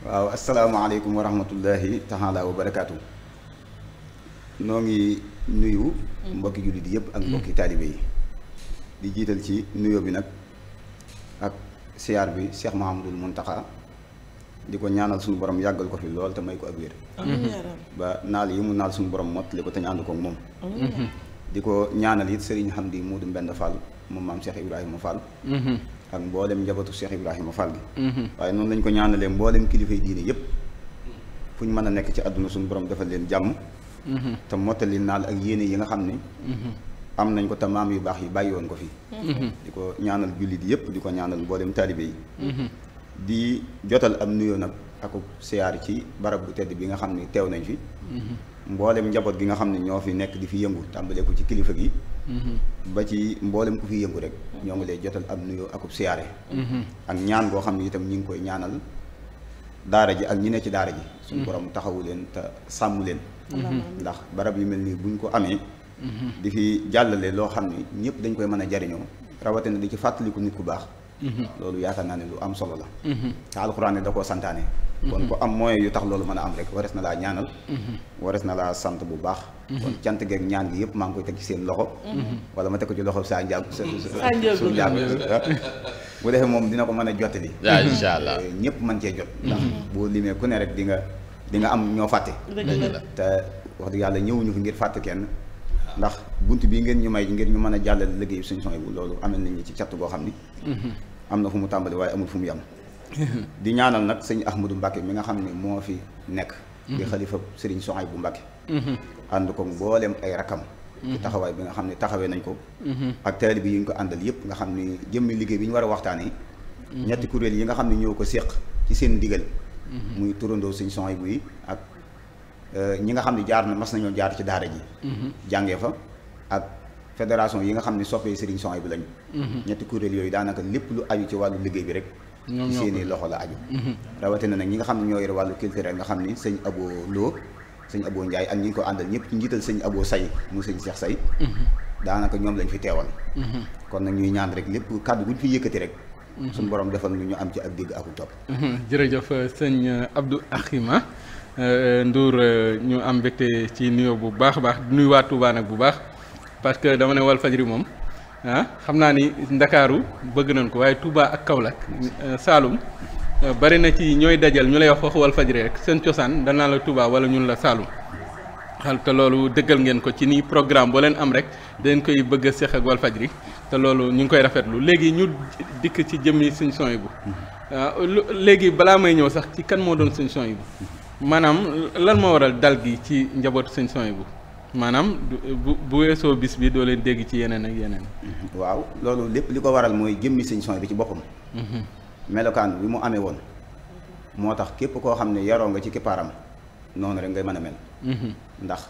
waaw asalaamaaleykum wa rahmatullahi taala wa noo ngi nuyu. mbokki jullit yëpp ak mbokki taalibe yi. di jiital ci nuyoo bi nag ak siyaar bi Cheikh Mahamadul Muntaxa di ko ñaanal suñu borom yàggal ko fi lool te may ko ak wér. ba yi mu naal suñu borom mottali ko te ñu moom. di ko ñaanal it Serigne Hamdi Moodu Mbend Fall moom maam Cheikh Ibrahima Fall. Mhm. ak mboolem njabootu Cheikh Ibrahima Fall gi mhm. waaye noonu lañ ko ñaanalee mboolem kilifa yi diine yëpp fu ñu mën a nekk ci àdduna suñu borom defal leen jàmm mhm. te mottali naal ak yéene yi nga xam ni mhm. am nañ ko te maam yu baax yi bàyyi woon ko fi di ko ñaanal jullit yëpp di ko ñaanal mboolem taalibe yi di jotal am nuyoo nag akub siyaar ci barab bu tedd bi nga xam ne teew nañ fi mboolem njaboot gi nga xam ne ñoo fi nekk di fi yëngu tàmbalee ko ci kilifa gi ba ci mboolem ku fi yëngu rek ñoo ngi lay jotal ab nuyoo akub siyaare ak ñaan boo xam ne itam ñi ngi koy ñaanal daara ji ak ñi ne ci daara ji suñu borom taxawu leen te sàmm leen ndax barab yu mel nii buñ ko amee di fi jàllale loo xam ne ñëpp dañ koy mën a jariñoo rawatina di ci fàttaliku nit ku baax loolu yaakaar naa ne lu am solo la te alxuraan ne da koo santaane kon ko am moyen yu tax loolu mën a am rek wares na laa ñaanal wares na laa kon cant geeg ñaan gi yëpp maa ngi koy teg ci seen loxo wala ma teg ko ci loxo saa njaago su njaago bu defee moom dina ko mën a jot incha allah eh, ñëpp mën cee jot mhm. ndax boo limee ku ne rek di nga di nga am ñoo fàtte te wax dëgg yàlla ñëwuñu fi ngir fàtt kenn ndax bunt bii ngeen ñu may ngir ñu mën a jàllale liggéey suñu son bu loolu amel nañu ci cat goo xam ni mhm. am na fu mu tàmbali waaye amul fu mu yem di ñaanal nag sëñ Ahmadou Mbacke mi nga xam ne moo fi nekk di mhm. xalifa Serigne Souhaïbou Mbacké mhm. ànd ko mboolem ay rakam ci mhm. taxawaay bi nga xam ne taxawee nañ ko ak taalibe yi ñu ko àndal yëpp nga xam ne jëmmi liggéey bi ñu war a waxtaanee ñetti kuréel yi nga xam ne ñoo ko séq ci seen ndigal muy turandoo Serigne Souhaïbou yi ak euh, ñi nga xam jaar na mas nañoo jaar ci daara ji jàngee fa ak fédération yi nga xam ne soppee Serigne Souhaïbou lañu ñetti kuréel yooyu daanaka lépp lu aju ci wàllu liggéey bi rek ñoom ñoo seeni loxo la aju. Mhm. rawatina nag ñi nga xam ne ñoo yor wàllu culturel nga xam ni sëñ Abo Lo sëñ Abo njaay ak ñu ñu ko àndal ñëpp ci njiital sëñ Abo Say mu sëñ mhm. daanaka ñoom lañ fi teewal. Mhm. kon nag ñuy ñaan rek lépp kàddu guñ fi yëkkati rek. suñ borom defal lu ñu am ci ak dégg ak topp. jërëjëf sëñ Abdou Akhima euh, Ndour euh, ñu am mbégte ci nuyoo bu baax a baax nuy waa Touba nag bu baax parce que dama ne Walfadjri moom. ah xam naa ni ndakaaru bëgg nañ ko waaye tubaa ak Kaolack euh, Saalum euh, bari na ci ñooy dajal ñu lay wax waxu Walfadjri rek seen cosaan danaa la tubaa wala ñun la Saalum xal te loolu dëggal ngeen ko ci ni programme boo leen am rek dañ koy bëgg a seq ak ri te loolu ñu ngi koy rafetlu léegi ñu dikk ci jëmmi Sëñ Souhaïbou bu euh, léegi balaa may ñëw sax ci kan moo doon Sëñ Souhaïbou bu maanaam lan moo waral dal gi ci njabootu Sëñ Souhaïbou bu maanaam bu bu weesoo bis bi doo leen dégg ci yeneen ak yeneen. Mhm. waaw loolu lépp li ko waral mooy jëmmi sëñ son bi ci boppam. Mhm. melokaan bi mu amee woon. moo tax képp koo xam ne yaroo nga ci kippaaram noonu rek ngay mën a mel. Mhm. ndax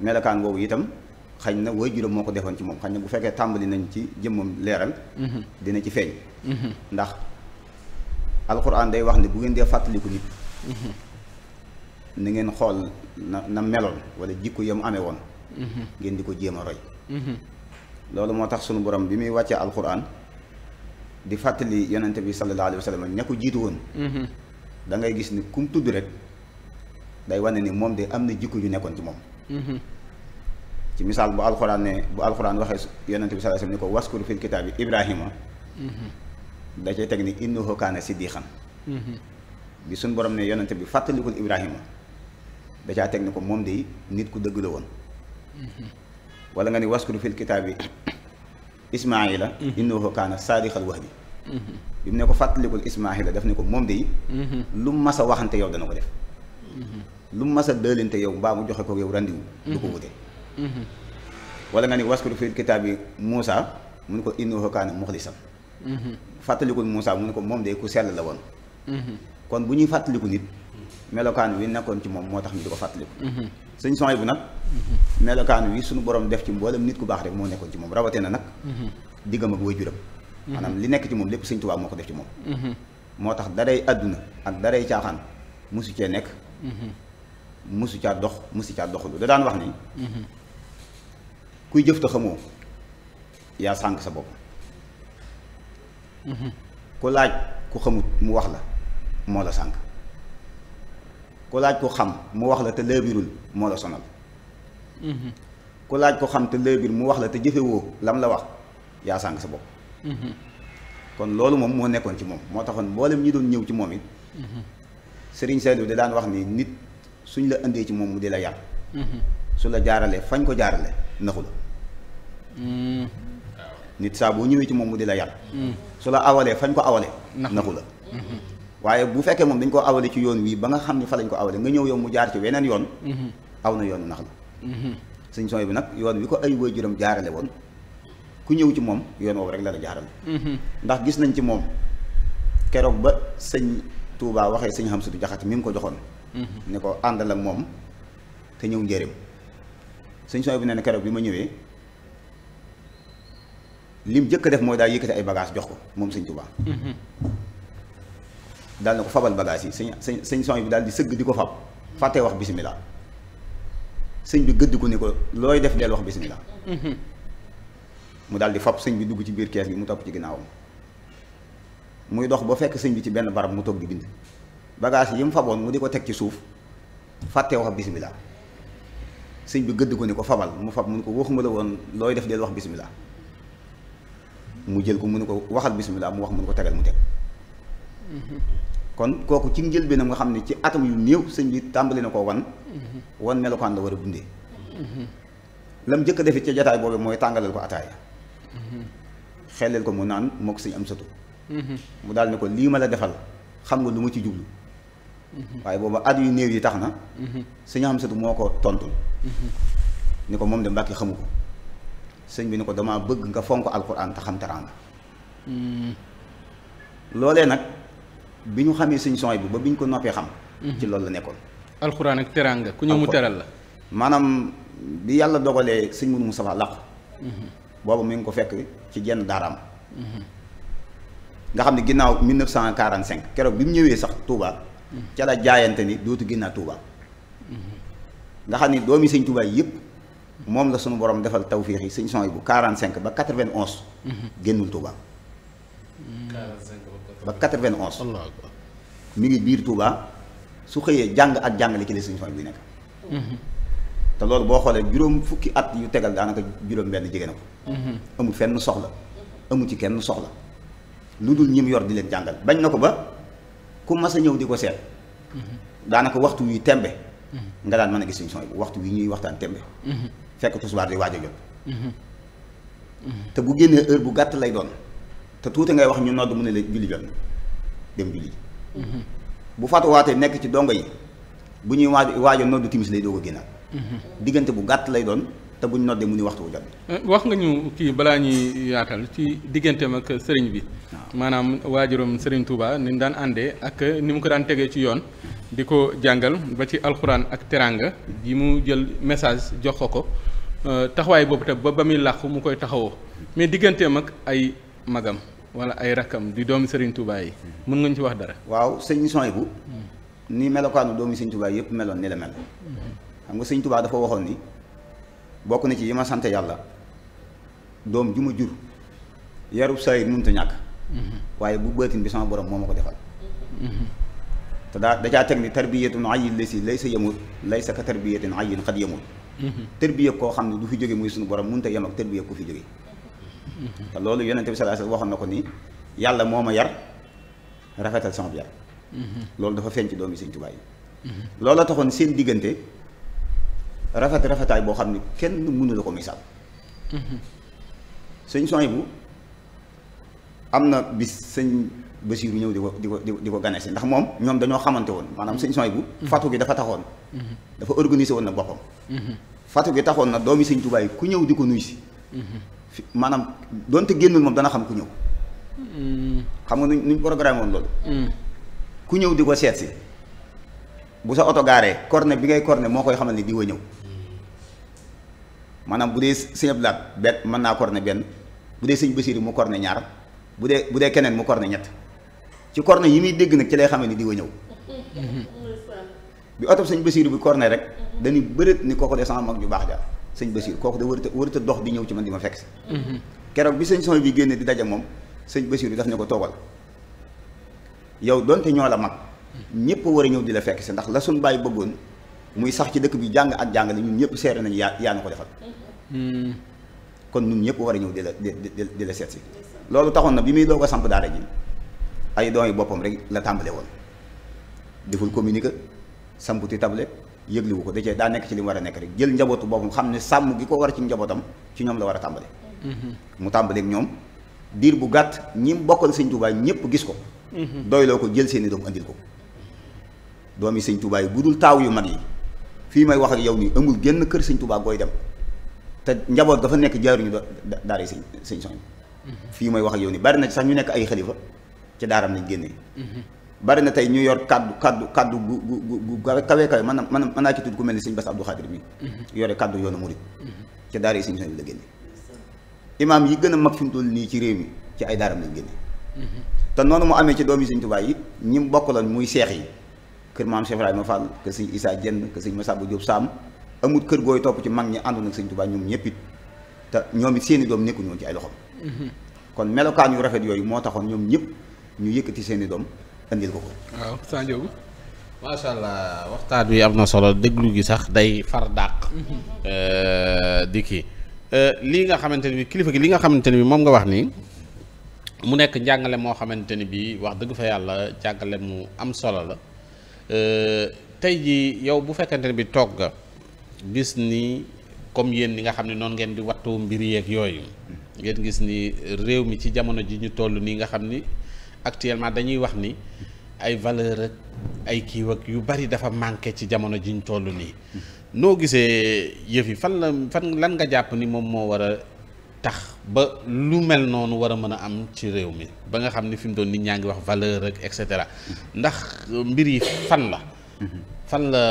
melokaan boobu itam xañ na waajuram moo ko defoon ci moom xañ na bu fekkee tàmbali nañ ci jëmmam leeral. dina ci feeñ. ndax alxuraan day wax ne bu ngeen dee fàttaliku nit. na ngeen xool na na meloon wala jikko ya mu amee woon mhm. ngeen di ko jéem a roy mhm. loolu moo tax sunu borom bi muy wàccee alquran di fàttali yonente bi sallallahu alayhi wa sallam ña ko jiitu woon mhm. da ngay gis ni kum tudd rek day wane ni moom de am na jikko ju nekkoon ci moom ci misaal bu alxuraan ne bu alxuraan waxee yonente bi sallallahu alayhi ni ko waskur fil kitaabi ibrahima da cay teg ni innahu kaana siddiqan bi suñ borom ne yonente bi fàttalikul ibrahima da caa teg ne ko moom de nit ku dëgg la woon wala nga ni waskuru fil kitaabi la innahu kaana saadiqal wa'di bi mu ne ko fàttalikul la daf ne ko moom de lu mu mas waxante yow dana ko def lu mu mas a dëlinte yow mbaa mu joxe ko yow randiwu du ko wute wala nga ni waskuru fil kitaabi Muusa mu ne ko innahu kaana muxlisan fàttalikul Muusa mu ne ko moom de ku sell la woon kon bu ñuy fàttaliku nit melokaan wi nekkoon ci moom moo tax ñu di ko fàttaliku. Mhm. sëñ son bu nag mhm. melokaan wi sunu borom def ci mboolem nit ku baax rek moo nekkoon ci moom rawatee na nag mhm. diggam ak waajuram maanaam li nekk ci moom lépp sañ Tuubaa moo ko def ci moom moo tax daray àdduna ak daray caaxaan musu cee nekk musu caa dox musu caa doxulu da daan wax ni kuy jëf ta xamoo yaa sànq sa bopp ku laaj ku xamut mu wax la moo la sànq ku laaj ko xam mu wax la te léebirul moo la sonal mhm. ku laaj ko xam te léebir mu wax la te jëfewoo lam la wax yaa sànq sa bopp mhm. kon loolu moom moo nekkoon ci moom moo taxoon mboolem ñi doon ñëw ci moom it mhm. Serigne Saliou da daan wax ni nit suñ la indee ci moom mu di la yàq su la jaaralee fañ ko jaarale naxu la nit boo ñëwee ci moom mu di la yàq su la awalee fañ ko awalee naxu la waaye bu fekkee moom dañ ko awale ci yoon wii ba nga xam ni fa lañ ko awale nga ñëw yow mu jaar ci weneen yoon mm-hmm. aw na yoonu nax la mm-hmm. sëñ son bi nag yoon wi ko ay waajuram jaarale woon ku ñëw ci moom yoon woowu rek la la jaarale mm-hmm. ndax gis nañ ci moom keroog ba sëñ Touba waxee sëñ xam Hamsatu Jaxate mi mu ko joxoon ne ko àndal ak moom te ñëw njëriñ sëñ son bi nee na keroog bi ma ñëwee lim jëkk def mooy daal yëkkati ay bagage jox ko moom sëñ Touba daal na ko fabal bagage yi sëñ sëñ sëñ son bi daal di sëgg di ko fab fàttee wax bisimilah sëñ bi gëdd ko ni ko looy def deel wax bisimilah. Mhm. mu daal di fab sëñ bi dugg ci biir kees gi mu topp ci ginnaawam muy dox ba fekk sëñ bi ci benn barab mu toog di bind bagage yi mu faboon mu di ko teg ci suuf fàttee wax bisimilah sëñ bi gëdd ko ni ko fabal mu fab mu ne ko waxuma la woon looy def deel wax bisimilah mu jël ko mu ne ko waxal bisimilah mu wax mu ne ko tegal mu teg kon kooku ci njëlbéenam nga xam ne ci atam yu néew sëñ bi tàmbali na ko wan wan melokaan la war a dundee lam jëkk defi ca jataay boobu mooy tàngalal ko ataaya xeleel ko mu naan moo ko sëñ am satu mu daal ne ko lii ma la defal lu ma ci jublu waaye boobu at yi tax na sëñ am moo ko tontul ni ko moom de mbàkki xamu ko sëñ bi ni ko damaa bëgg nga fonk alxuraan te xam teraanga loolee nag bi ñu xamee sëñ son bi ba bi ñu ko noppee xam. Mhm. ci loolu la nekkoon. alxuraan ak teraanga ku ñëw mu teral la. maanaam bi yàlla dogalee sëñ mu Moustapha làqu. Mhm. boobu mi ngi ko fekk ci jenn daaraam. Mhm. nga xam ne ginnaaw 1945 keroog bi mu ñëwee sax Touba. ca la jaayante ni dootu génnaa tuubaa nga xam ni doomi sëñ Touba yëpp moom la suñu borom defal tawféex yi sëñ son bu 45 ba 91. génnul Touba. ba 91. mu ngi biir Touba su xëyee jàng ak jàngale ci la suñu bi nekk. Mhm. te loolu boo xoolee juróom fukki at yu tegal daanaka juróom benn jege na ko. Mhm. amul fenn soxla amul ci kenn soxla lu dul ñim yor di leen jàngal bañ na ko ba ku mas a ñëw di ko seet. Mhm. daanaka waxtu wi tembe. nga daan mën a gis suñu son bi waxtu wi ñuy waxtaan tembe. fekk tisbaar di waaj a jot. te bu génnee heure bu gàtt lay doon. te tuuti ngay wax ñu nodd mu ne la julli jot na dem julli ji bu fàttuwaatee nekk ci dongo yi bu ñuy waaj waajo nodd timis lay doog a génnaat diggante bu gàtt lay doon te buñ noddee mu ni waxtu ko jot eh, wax nga ñu kii balaa ñuy yaatal ci digganteem ak sëriñ bi maanaam waajuram sëriñ Touba ni mu daan àndee ak ni mu ko daan tegee ci yoon di ko jàngal ba ci alxuraan ak teranga yi mu jël message jox ko ko eh, taxawaay boobu te ba ba muy làqu mu koy taxawoo mais digganteem ak ay magam wala ay rakkam di doom Serigne Touba yi mën nga ñu ci wax dara. waaw sëñ Sonia bu ni melokaanu doomi Sëñ Touba yëpp meloon ni la mel. xam nga Sëñ Touba dafa waxoon ni bokk na ci yi ma sant yàlla doom ju ma jur yarub saa yi mënut a ñàkk. waaye bu bëtin bi sama borom moo ma ko defal. te daa da caa teg ni tarbiyatun ayin la si lay sa yamul lay sa ka tarbiyatin ayin xat yamul. Mhm. tarbiya koo xam ne du fi jóge muy suñu borom mënut a yem te loolu yonente bi sallallahu alayhi wasallam waxoon na ko ni yàlla moo ma yar rafetal sama yar loolu dafa feeñ ci doomi Sëñ Tuubaa yi loolu taxoon seen diggante rafet rafetaay boo xam ne kenn mënu la ko misaal sëñ bu am na bi sëñ Basiiru ñëw di ko di ko di ko ganesi ndax moom ñoom dañoo xamante woon maanaam sëñ Sohaybu fatu gi dafa taxoon dafa organisé woon na boppam fatu gi taxoon na doomi Sëñ Tuubaa ku ñëw di ko nuy si fi maanaam donte génnul moom dana xam ku ñëw. xam nga nuñ nuñ programme woon loolu. Mm. ku ñëw di ko seet si bu sa oto gaaree corne bi ngay korne moo koy xamal ni di wa ñëw maanaam bu dee sëñ Ablaat benn mën naa corne benn bu dee sëñ Basiiru mu corne ñaar bu dee bu dee keneen mu corne ñett ci corne yi muy dégg nag ci lay xamal ni di ñëw. Mm-hmm. bi oto sëñ Basiiru bi corne rek dañuy bëreet ni kooku de sama mag ju baax jaar sëñ Basiir kooku de wërta wërta dox di ñëw ci man di ma fekk si mm-hmm. keroog bi sëñ son bi génne di daje moom sëñ Basiir bi daf ne ko toogal yow donte ñoo la mag mm-hmm. ñëpp war a ñëw di la fekk si ndax la suñ bàyyi bëggoon muy sax ci dëkk bi jàng ak jàngale ñun ñëpp seere nañu yaa yaa na ko defal mm-hmm. kon ñun ñëpp war a ñëw di la di di la seet si loolu taxoon na bi muy doog a samp daara ji ay doo yi boppam rek la tàmbale woon deful communiqué samputi tablette yëgliwu ko da cee daa nekk ci li mu war a nekk rek jël njabootu boppam xam ne sàmm gi ko war ci njabootam ci ñoom la war a tàmbale mm-hmm. mu tàmbaleeg ñoom diir bu gàtt ñi bokkal sëñ Tuubaa ñëpp gis ko mm-hmm. doyloo ko jël seeni doom andil ko doom yi Tuubaa yi bu dul taaw yu mag yi fii may wax ak yow nii amul génn kër sañ Tuubaa gooy dem te njaboot dafa nekk jaaruñu daara sëñ sëñ soñ mm-hmm. fii may wax ak yow nii bari na sax ñu nekk ay xalifa ci daaram lañ génnee bari na tey ñu yor kàddu kaddu kaddu gu gu gu kawe kawe na man mën naa ci tudd ku mel ni sëñ Bass Abdou Khadir mi mhm. yore kaddu yoonu murit mhm. ci daara yi sëñ Souhaïbou la génne imaam yi gën a mag fi mu toll nii ci réew mi ci ay daaram lañ génne mhm. te noonu mu amee ci doomi sëñ Tuubaa yi ñi mu bokkaloon muy seex yi kër maam Cheikh Ibrahima Fall kër sëñ Issa Dieng kër sëñ Massamba Diop saam amul kër gooy topp ci mag ñi àndoon ak sëñ Tuubaa ñoom ñëpp it te ñoom it seeni doom nekkuñu woon ci ay loxom kon melokaan yu rafet yooyu moo taxoon ñoom ñëpp ñu yëkkati seeni doom andil ko ko. waaw allah waxtaan bi am na solo déglu gi sax day far dàq. Mm-hmm. Euh, di kii euh, lii nga xamante ne bi kilifa gi li nga xamante ne bi moom nga wax nii mu nekk njàngale moo xamante ni bi wax dëgg fa yàlla jàngale mu am solo la euh, tey jii yow bu fekkente ne bi toog nga gis ni comme yéen ñi nga xam ne noonu ngeen di wattu mbir yeeg yooyu ngeen gis ni réew mi ci jamono ji ñu toll nii nga xam ni. actuellement dañuy wax ni ay valeur ak ay kiiw ak yu bari dafa manqué ci jamono ji ñu toll nii noo gisee yëf yi fan la fan lan nga jàpp ni moom moo war a tax ba lu mel noonu war a mën a am ci réew mi ba nga xam ni fi mu doon nit ñaa ngi wax valeur ak et cetera ndax mbir yi fan la. fan la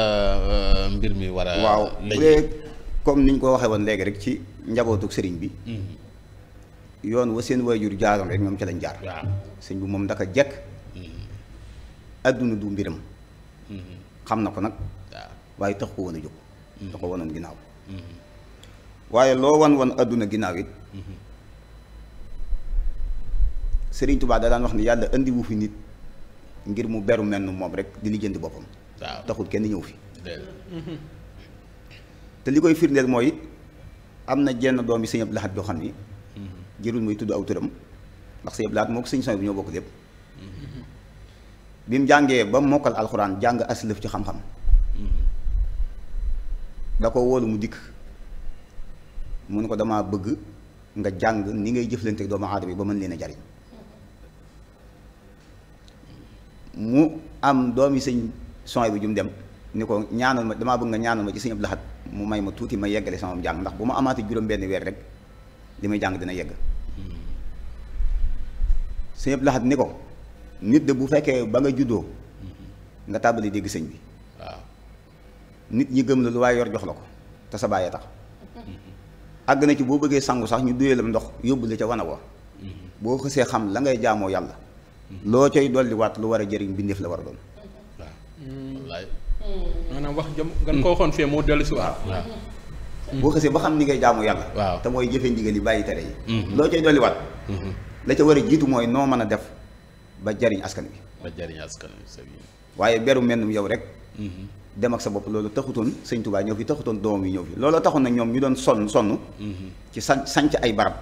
euh, mbir mi war a. waaw comme ni ñu ko waxee woon léegi rek ci njabootu sëriñ bi. Mm-hmm. yoon wa seen waajur jaaroon rek ñoom ca lañ jaar sëñ bi moom ndaka jekk hmm. adduna du mbiram hmm. xam na ko nag waaye tax ko woon a jóg da hmm. ko wanoon ginnaaw waaye loo wan wan adduna ginnaaw it sëriñ tubaa da daan wax ne yàlla indi fi nit ngir mu beru menn moom rek di lijjanti boppam taxul kenn ñëw fi te li koy firndeel mooy am na jenn doom bi sëñ Abdou Lahad xam ni jërul muy tudd aw turam ndax sëñ Abdou moo ko sëñ Sohaybu ñoo bokk lépp bi mu jàngee ba mokkal alxuraan jàng aslëf ci xam-xam da ko woolu mu dikk mu ne ko damaa bëgg nga jàng ni ngay jëflante doomu aadama yi ba mën leena a jariñ mu am doomi sëñ Sohaybu ju mu dem ni ko ñaanal ma dama bëgg nga ñaanal ma ci sëñ Abdou Lahad mu may ma tuuti ma yeggale sama jàng ndax bu ma amaati juróom benn weer rek li may jàng dina yegg sëñ Abdou Lahad ni ko nit de bu fekkee ba nga juddoo nga tàmbali dégg sëñ bi waaw nit ñi gëm la lu waaye yor jox la ko te sa bàyyee tax àgg na ci boo bëggee sangu sax ñu duyee lam ndox yóbbu la ca wana wa boo xësee xam la ngay jaamoo yàlla loo cay dolliwaat lu war a jëriñ mbindeef la war a doon waaw mm. wax jëm gan ko waxoon fee moo dellu si boo xësee ba xam ni ngay jaamoo yàlla te mooy jëfe ndigal bàyyi tere yi mm-hmm. loo cay dolliwaat mm-hmm. la ca war a jiitu mooy noo mën a def ba jariñ askan wi. jariñ askan wi waaye beru mennum yow rek. Mm-hmm. dem ak sa bopp loolu taxutoon sëñ Tuubaa ñëw fi taxutoon doom yi ñëw fi looloo taxoon nag ñoom ñu doon sonn sonn. Mm-hmm. ci san sanc ay barab.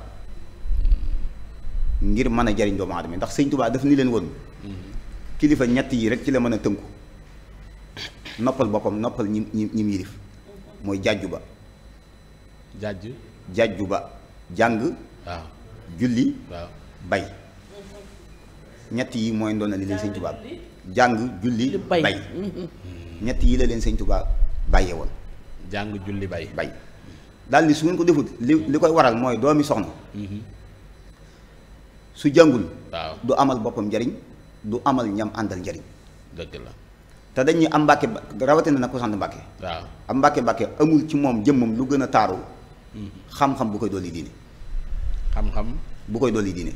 ngir mën a jariñ doomu aadama yi ndax sëñ Tuubaa daf ni leen woon. Mm-hmm. kilifa ñett yi rek ci la mën a tënku. noppal boppam noppal ñim ñi ñi mooy jàjju ba. jàjju jàjju ba jàng. waaw julli. bay ñett yi mooy ndoona li leen sëñ Tuubaa jàng julli bay ñett yi la leen sëñ Tuubaa bàyyee woon jàng julli bay bay daal ni su ngeen ko defut li li koy waral mooy doomi soxna mhm. su jàngul du amal boppam njariñ du amal ñam àndal njariñ dëgg te dañuy am mbàkke na nag ko sant mbàkke waaw am mbàkke mbàkke amul ci moom jëmmam lu gën a taaru mhm. xam bu koy dolli diine xam-xam bu koy dolli diine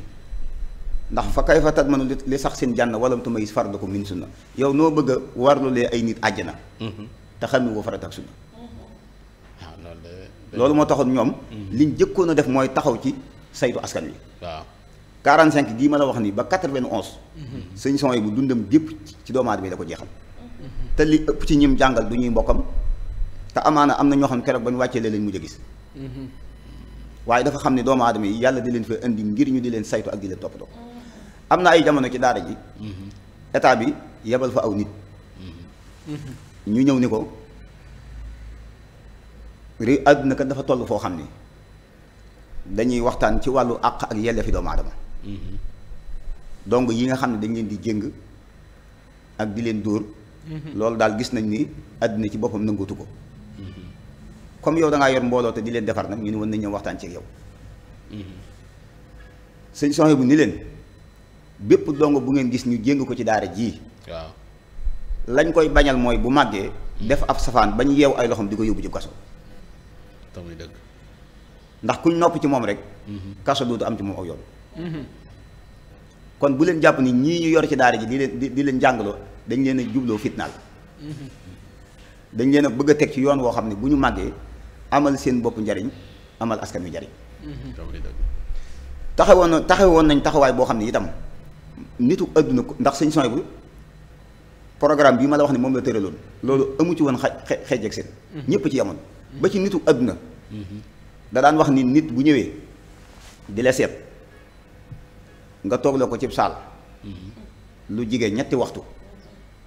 ndax fa kay fa tatmanu li sax seen jànn walam tu mayis fardu ko min sunna yow noo bëgg a warlulee ay nit àjjana mm-hmm. te xam ne woo farata ak sunna mm-hmm. ah, loolu moo taxoon ñoom mm-hmm. liñ jëkkoon a def mooy taxaw ci saytu askan wi waaw 45 gii ma la wax nii ba 91 sëñ son yi bu dundam gépp ci doomu aadama yi da ko jeexal te li ëpp ci ñim jàngal du ñuy mbokkam te amaana am na ñoo xam ne keroog ba ñu wàccee leen lañ mujj a gis waaye dafa xam ne doomu aadama yi yàlla di leen fa indi ñu di leen saytu ak di am na ay jamono ci daara ji mm-hmm. état bi yebal fa aw nit mm-hmm. ñu ñëw ni ko réew àdduna kat dafa toll foo xam ni dañuy waxtaan ci wàllu àq ak yelleefi doomu aadama mm-hmm. donc yi nga xam ne dañ leen di jéng ak di leen dóor loolu daal gis nañ ni àdduna ci boppam nangootu ko comme yow dangaa yor mbooloo te di leen defar nag ñu ne woon nañ ñëw waxtaan ci yow sëñ soxee bu ni leen bépp dongo bu ngeen gis ñu jéng ko ci daara ji. lañ koy bañal mooy bu màggee. def ab safaan bañ yeew ay loxoom di ko yóbbu ci kaso. tamit dëgg. ndax kuñ nopp ci moom rek. Mhm. kaso dootu am ci moom ak yoon. Mhm. kon bu leen jàpp ni ñii ñu yor ci daara ji di leen di leen jàngaloo dañ leen a jubloo fitnaal. Mhm. dañ leen a bëgg a teg ci yoon woo xam ne bu ñu màggee amal seen bopp njariñ amal askan wi njariñ. taxawoon na woon nañ taxawaay boo xam ne itam. nitu adduna ko ndax sëñ bu programme bii ma la wax ne moom la tëraloon loolu amu ci woon xa xeej ak seen mhm. ñëpp ci yamoon ba ci nitu adduna da daan wax ni nit bu ñëwee di la seet nga toogloo ko cib saal mhm. lu jigéen ñetti waxtu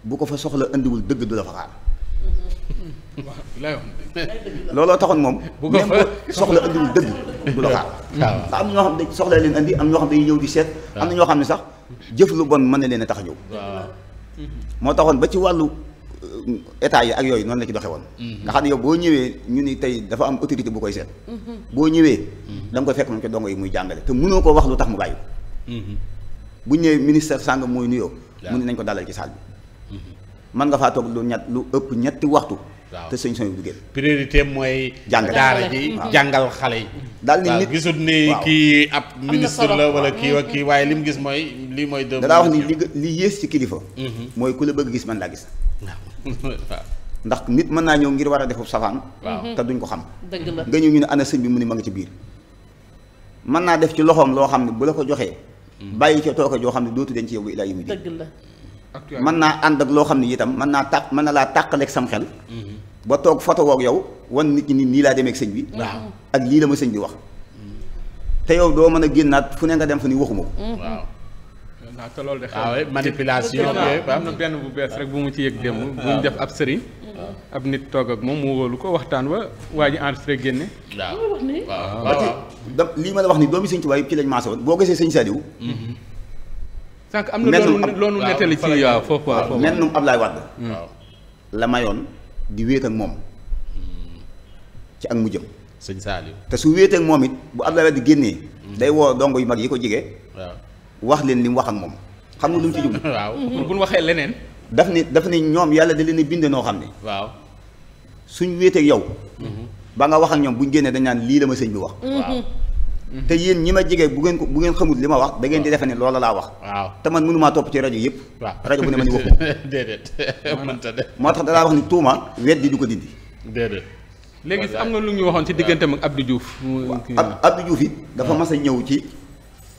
bu ko fa soxla indiwul dëgg du la fa xaar mhm. looloo taxoon moom. même bu soxla andiwul dëgg du la xaar. am na ñoo xam ne soxla leen indi am na ñoo xam ne ñëw di seet. am na ñoo xam ne sax jëf lu bon mën na leen a tax a ñëw. moo taxoon ba ci wàllu euh, état yi ak yooyu noonu la ci doxee woon. Mm-hmm. xam ne yow boo ñëwee ñu ni tey dafa am autorité bu koy seet. Mm-hmm. boo ñëwee. Mm-hmm. da nga koy fekk moom yi muy jàngale te mënoo ko wax lu tax mu bàyyi bu ñëwee ministère sàng mooy nuyoo. waaw mu ne nañ ko dalal ci salle bi. mën nga faa toog lu ñett lu ëpp ñetti waxtu te sëñ sooy bu génn priorité mooy daara jàngal yi daal ni nit gisut ni kii ab ministre la wala kii waaye li mu gis mooy li mooy dë dalaa li li yées ci kilifa mhm. mooy ku la bëgg gis mën laa gis ndax nit mën naa ñëw ngir war a defu safaan mhm. te duñ ko xam dëgg la nga ñëw ñu ne ana sëñ bi mu ni ma ci biir mën naa def ci loxoom loo xam ne bu la ko joxee mhm. bàyyi ca tooke joo xam ne dootu dañ ci yow ilaa yu mu dëgg la naa ànd ak loo xam ne itam mën naa tàq mën na laa tàqaleeg sam ba toog foto woog yow wan nit ñi nii laa demee ak sëñ bi. Mm-hmm. ak lii la ma sëñ bi wax. Mm-hmm. te yow doo mën a génnaat fu ne nga dem fa ni waxuma ko. Mm-hmm. waaw. loolu de ah xew manipulation am na benn bu bees rek bu mu ci yëg démb. Ah. bu ñu def ab sëriñ. ab nit toog ak moom mu wóolu ko waxtaan wa waa ji enregistré génne. waaw lii ma a wax ni doomi sëñ Tuubaa yëpp ci lañ maase woon boo gisee sëñ Saliou. sànq am na loolu loolu nettali ci waaw foofu waaw. mel num Ablaye Wade. Mm. la mayoon. di wéet ak moom ci ak mu jëm sëñ Saliou te su wéeteek moom it bu Abdoulaye di génnee mm-hmm. day woo dongo yu mag yi ko jege. wax leen li mu wax ak moom xam nga lu ci jublu waaw pour bu ñu waxee leneen daf ne daf ni ñoom yàlla da leen a binde noo xam ne waaw suñ wéetee ak yow mm-hmm. ba nga wax ak ñoom buñ génnee dañ naan lii la ma sëñ bi wax te yéen ñi ma jege bu ngeen ko bu ngeen xamul li ma wax da ngeen di defe ne loola laa wax waaw te man mënumaa topp ci rajo yëpp waaw rajo bu ne ma ni waxuma déedéet mënta de moo tax dalaa wax ni tuuma weddi du ko dindi déedéet léegi am na lu ñu waxoon ci diggante digganteem ak Abdou Diouf Abdou Diouf it dafa ah. mas a ñëw ci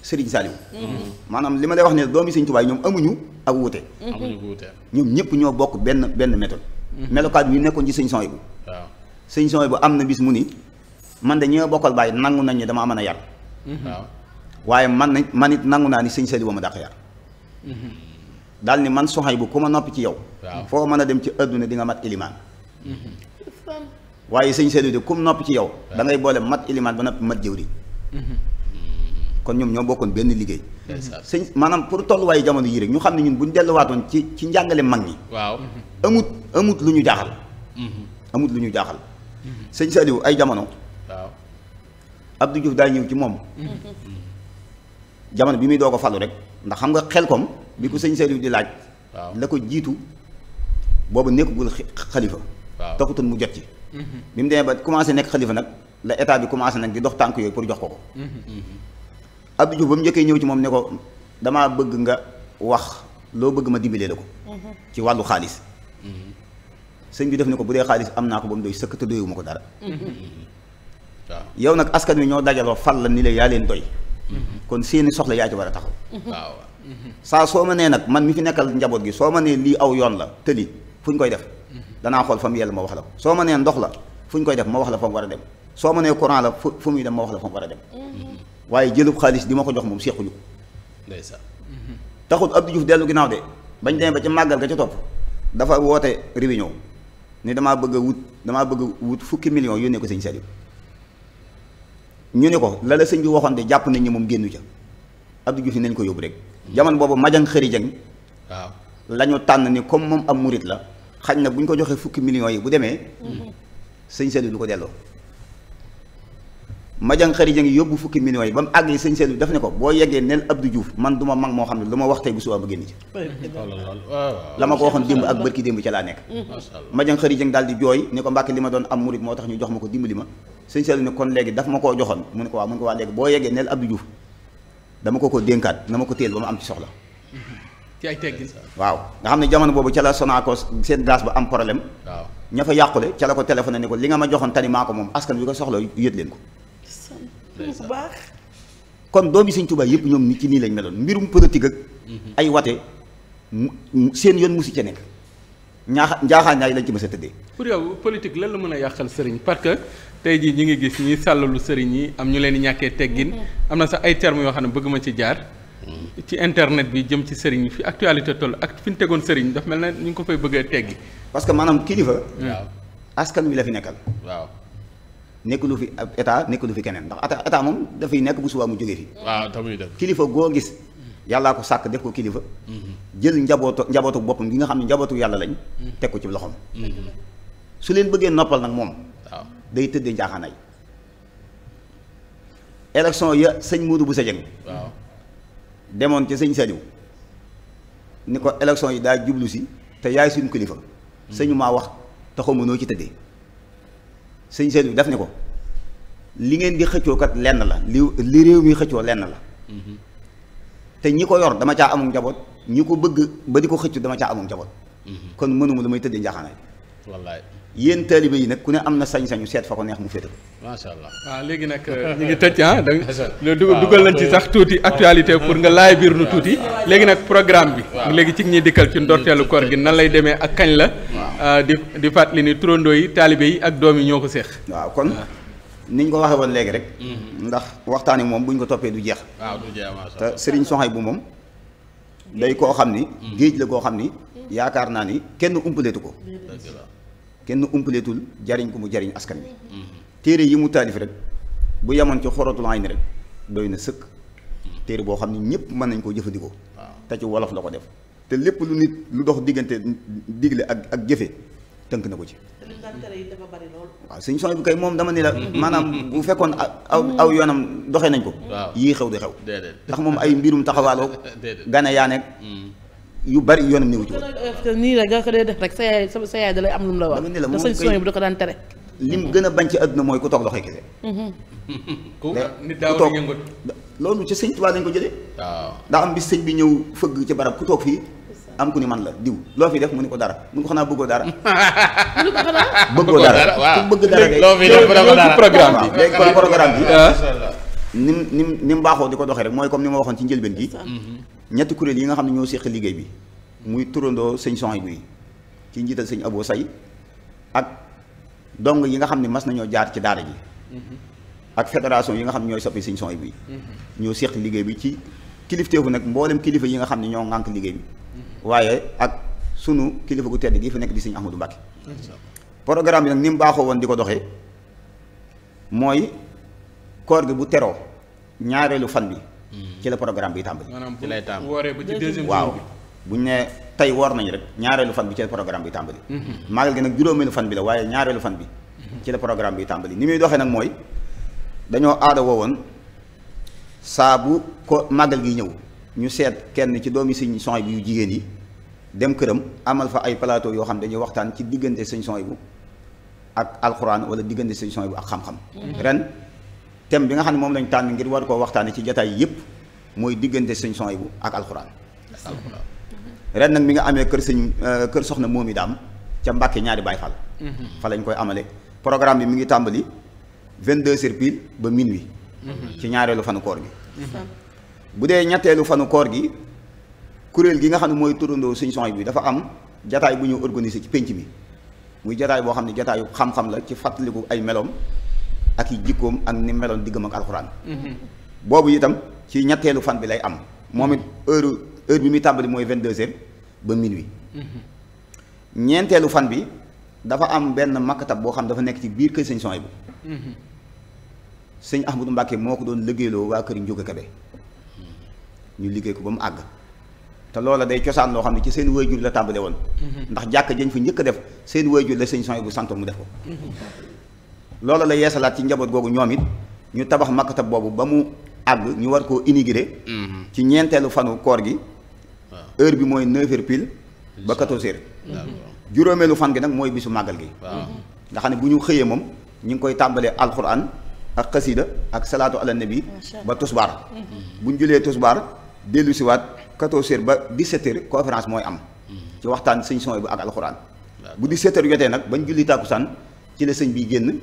Serigne Saliou mm-hmm. maanaam li ma lay wax ne doomi Serigne Touba ñoom amuñu ak wuute mm-hmm. amuñu wuute ñoom ñëpp ñoo bokk benn benn méthode mm-hmm. melokaat yi nekkoon ci Serigne Souhaïbou waaw Serigne Souhaïbou am na bis mu ni man de ñoo bokkal bàyyi nangu nañ ne dama mën a yar. waaye man na man it nangu naa ni sëñ Saliou ma dàq yar. Mhm. daal ni man soxay bu ku ma noppi ci yow. foo mën a dem ci àdduna di mat ilimaan. Mhm. waaye sëñ Saliou de ku mu noppi ci yow. da ngay boole mat ilimaan ba noppi mat jëwriñ. Mhm. kon ñoom ñoo bokkoon benn liggéey. sëñ maanaam pour tolluwaayu jamono yii rek ñu xam ne ñun bu ñu delluwaatoon ci ci njàngale mag ñi. waaw amut amut lu ñu jaaxal. amut lu ñu jaaxal. sëñ Saliou ay jamono. Abdou Diouf daa ñëw ci moom. jamono bi muy doo ko falu rek ndax xam nga xel koom bi ko sëñ Saliou di laaj. la ko jiitu boobu nekkagul xalifa. waaw taxutoon mu jot ci. Mhm. bi mu demee ba nekk xalifa nag la état bi commencé nag di dox tànk yooyu pour jox ko ko. Mhm. Abdou Diouf ba mu njëkkee ñëw ci moom ne ko damaa bëgg nga wax loo bëgg ma dimbalee la ko. Mhm. ci wàllu xaalis. sëñ bi def ne ko bu dee xaalis am naa ko ba mu doy sëkk te ko dara. yow nag askan wi ñoo dajaloo fal la ni la yaa leen doy. Mhm. kon seeni soxla yaa ci war a taxaw. Mhm. Mhm. saa soo ma nee nag man mi fi nekkal njaboot gi soo ma nee lii aw yoon la tëli fu ñu koy def. danaa xool fa mu yell ma wax la ko soo ma nee ndox la fu ñu koy def ma wax la fa mu war a dem soo ma nee courant la fu fu muy dem ma wax la fa mu war a dem. waaye jëlub xaalis di ma ko jox moom sequñu ko. ndeysaan. taxul Abdou Diouf dellu gi ginnaaw de bañ demee ba ca màgga ga ca topp dafa woote réunion ni damaa bëgg wut damaa bëgg wut fukki millions yónnee ko sëñ Saliou ñu ni ko la la sëñ bi waxoon de jàpp nañ ne moom génnu ca Abdou Diouf nañ ko yóbbu rek jamono boobu Madiang Khary Dieng waaw la ñu tànn ni comme moom am murit la xañ na bu ñu ko joxee fukki millions yi bu demee mm-hmm. sëñ Saliou du ko delloo majang xarija yóbbu fukki millions yi ba mu àggee sëñ Seydou daf ne ko boo yeggee nel Abdou Diouf man du ma mag moo xam ne lu ma wax tey bu suba ma génn ci la ma ko waxoon démb ak bërki ca laa nekk majang xarija ngi daal di jooy ne ko mbàkke li ma moo tax jox ma ko dimbali kon léegi daf ma joxoon mu ne ko waaw mu ne ko waa léegi boo yeggee nel Abdou Diouf dama ko ko dénkaat na ma ko téel ba ma am ci soxla ci ay waaw nga xam ne jamono boobu ca la Sonacos seen gaz ba am problème ña fa yàqule ca la ko téléphoné ne ko li nga ma joxoon tani maa ko moom askan wi ko soxla yët leen ko bu baax kon doomi sëñ Tuubaa yëpp ñoom ni ci nii lañ meloon mbirum politique ak mm-hmm. ay wate seen yoon musi ca nekk ñaaxa njaaxaanaay lañ ci ma a tëddee pour yow politique lan la mën a yàqal sëriñ parce que tey jii ñi ngi gis ñi sàllalu sëriñ yi am ñu leen ñàkkee teggin mm-hmm. am na sa ay termes yoo xam ne bëgg ma ci jaar mm-hmm. ci internet bi jëm ci sëriñ fi actualité toll ak fi ñu tegoon sëriñ daf mel na ñu ngi ko fay bëggee a teggi parce que maanaam kilifa. askan wi la fi nekkal waaw nekk lu fi état nekk lu fi keneen ndax état moom dafay nekk bu subaa mu jógee fi. waaw tamit kilifa goo gis. yàllaa ko sàkk def ko kilifa. Mm-hmm. jël njabootu njabootu boppam gi nga xam ne njabootu yàlla lañ. Mm-hmm. teg ko ci loxoom. Mm-hmm. su leen bëggee noppal nag moom. waaw day tëddee njaaxaanay. élection ya sëñ Mourou Boussa Dieng. waaw demoon ci sëñ Saliou. ni ko élection yi daa jublu si te yaay suñ kilifa. sëñu maa wax taxaw ma noo ci tëddee. sëñ seen bi daf ni ko li ngeen di xëccoo kat lenn la li li réew mi xëccoo lenn la mhm. te ñi ko yor dama caa amum njaboot ñi ko bëgg ba di ko xëccu dama caa amum njaboot mhm. kon mënuma la may tëddee njaxaanaay wallaay yéen taalibe yi nag ku ne am na sañ-sañu seet fa ko neex mu féete ko. macha allah waaw léegi nag euh, ñu ngi tëj ah. dugal nañ ci sax tuuti actualité pour nga laay biir nu tuuti. léegi nag programme bi. léegi ci ñuy dikkal ci ndorteelu koor gi nan lay demee ak kañ la. Euh, di di fàttali ni turandoo yi taalibe yi ak doom yi ñoo ko seex. waaw kon niñ ko waxee woon léegi rek. Mm-hmm. ndax waxtaan yi moom buñ ko toppee du jeex. waaw du jeex te Serigne Soxay bu moom. day koo xam ni. Mm-hmm. géej la koo xam ni. yaakaar naa ni kenn umpaleetu ko kenn umpaleetul jariñ ko mu jariñ askan bi mm-hmm. téere yi mu taalif rek bu yemoon ci xoratul ay ni rek doy na sëkk mm-hmm. téere boo xam ne ñëpp mën nañ koo jëfandikoo te ci wolof la ko def te lépp lu nit lu dox diggante digle ak ak jëfe tënk na ko ci waaw suñu son bi kay moom dama ni la maanaam bu fekkoon aw yoonam doxe nañ ko yii xew di xew ndax moom ay mbirum taxawaaloo gane yaa nekk mm. yu bari yoonam néew ci woon. nii la nga ko dee def rek sa yaay sa yaay da lay am lu mu la wax. da sëñ da ko daan tere. lim gën a bañ ci àdduna mooy ku toog loxoy kese. Mhm. ku nit daaw di yëngu loolu ci sëñ Tuubaa dañ ko jëlee. waaw daa am bis sëñ bi ñëw fëgg ci barab ku toog fii. am ku ni man la diw loo mu ni ko doxee rek mooy comme ni ma waxoon ci njëlbeen gi ñetti kuréel yi nga xam ne ñoo séq liggéey bi muy turandoo sëñ son bi ci njiital sëñ Abo Say ak dong yi nga xam ne mas nañoo jaar ci daara ji mm-hmm. ak fédération yi nga xam ne ñooy soppi sëñ son yi mm-hmm. ñoo séq liggéey bi ci kilifteefu nag mboolem kilifa yi nga xam ne ñoo ŋànk liggéey bi mm-hmm. waaye ak sunu kilifa gu tedd gi fi nekk di sëñ Ahmadou Mbacké programme bi nag ni mu baaxoo woon di ko doxee mooy koor gi bu teroo ñaareelu fan bi ci la programme bi tàmbali. maanaam ci lay tàmbali wooree ba waaw bu ñu nee tey woor nañu rek ñaareelu fan bi ci la programme bi tàmbali. Mhm. màggal gi nag juróomeelu fan bi la waaye ñaareelu fan bi mhm. ci la programme bi tàmbali ni muy doxe nag mooy dañoo aada woowoon saa bu ko màggal gi ñëw ñu seet kenn ci doomi sëñ son bi yu jigéen yi dem këram amal fa ay plateau yoo xam ne dañuy waxtaan ci diggante sëñ son bu ak alxuraan wala diggante sëñ son bu ak xam-xam mhm. ren thème bi nga xam moom lañ tànn ngir war koo waxtaane ci jataay yépp mooy diggante sëñ son bu ak alxuraan ren nag mi nga amee kër sëñ euh, kër soxna moomi daam ca Mbàkke ñaari Baay Fall fa lañ koy amale programme bi mi ngi tàmbali vingt-deux heures pile ba minuit ci ñaareelu fanu koor gi bu dee ñetteelu fanu koor gi kuréel gi nga xam ne mooy turandoo sëñ son bi dafa am jataay bu ñu organisé ci pénc bi muy jataay boo xam ne jataayu xam-xam la ci fàttaliku ay meloom ak yi jikkoom ak ni meloon diggam ak alxuraan mm-hmm. boobu itam ci ñetteelu fan bi lay am moom it heure heure bi muy tàmbali mooy vingt deux heures ba minuit mhm. ñeenteelu fan bi dafa am benn makkatab boo xam dafa nekk ci biir kër sëñ sony bu mhm. sëñ Ahmadou Mbàkke moo ko doon liggéeyloo waa kër Njóoga Kebe ñu liggéey ko ba mu àgg te loola day cosaan loo xam ne ci seen wayjur la tàmbale woon mhm. ndax jàkk jëñ fa njëkk def seen wayjur la sëñ sony bu santoon mu def ko loola la yeesalaat ci njaboot googu ñoom it ñu tabax makkatab àgg ñu war ko inaugurer. Mhm. ci ñeenteelu fanu koor gi. heure bi mooy 9 heures pile ba 14 juróomeelu fan gi nag mooy bisu màggal gi. nga xam ne bu ñu xëyee moom ñu ngi koy tàmbalee alquran ak xasida ak salaatu ala nabi ba Tosbar. Mhm. bu ñu julee Tosbar dellu siwaat 14 ba 17 heures mooy am. Mhm. ci waxtaan sëñ son bi ak alquran. bu 17 heures jotee nag bañ julli tàkkusaan ci la sëñ bi génn.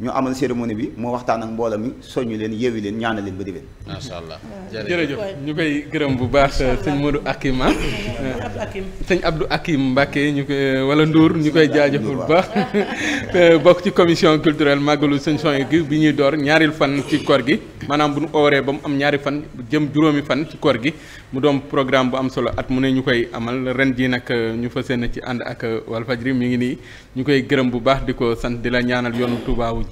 ñu amal cérémonie bi moo waxtaan ak mbooloo mi soññu leen yeewi leen ñaana leen ba di leen. macha allah jërëjëf ñu koy gërëm bu baax sëñ Modou Akima. Ah. sëñ Abdou Akim Mbacke ñu koy wala Ndour ñu koy jaajëfal bu baax. bokk ci commission culturel màggalu sëñ Sonia gi bi ñuy door ñaari fan ci cor gi maanaam bu ñu ooree ba mu am ñaari fan jëm juróomi fan ci koor gi mu doom programme bu am solo at mu ne ñu koy amal ren jii nag euh, ñu fa yéene ci ànd ak euh, Walfadjri mi ngi nii ñu koy gërëm bu baax di ko sant di la ñaanal yoonu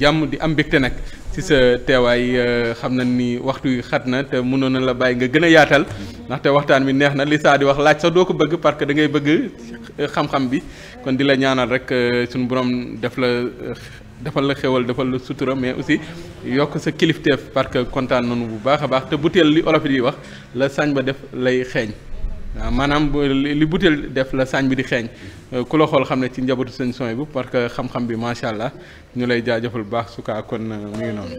jàmm di am mbégte nag ci sa teewaay euh, xam na ni waxtu yu xat na te mënoon la bàyyi nga gën a yaatal ndaxte waxtaan bi neex na li saa di wax laaj sax doo ko bëgg parce que da bëgg euh, xam-xam bi kon di la ñaanal rek euh, suñu borom def la defal la xewal defal la sutura mais aussi yokk sa kilifteef parce que kontaan nañu bu baax a baax te bu li olof yi wax la sañ ba def lay xeeñ waaw maanaam li butéel def la saañ bi di xeeñ ku la xool xam ne ci njabootu sëñ son bi parce que xam-xam bi macha allah ñu lay jaajëfal bu baax su kaa kon euh, mi ngi noonu.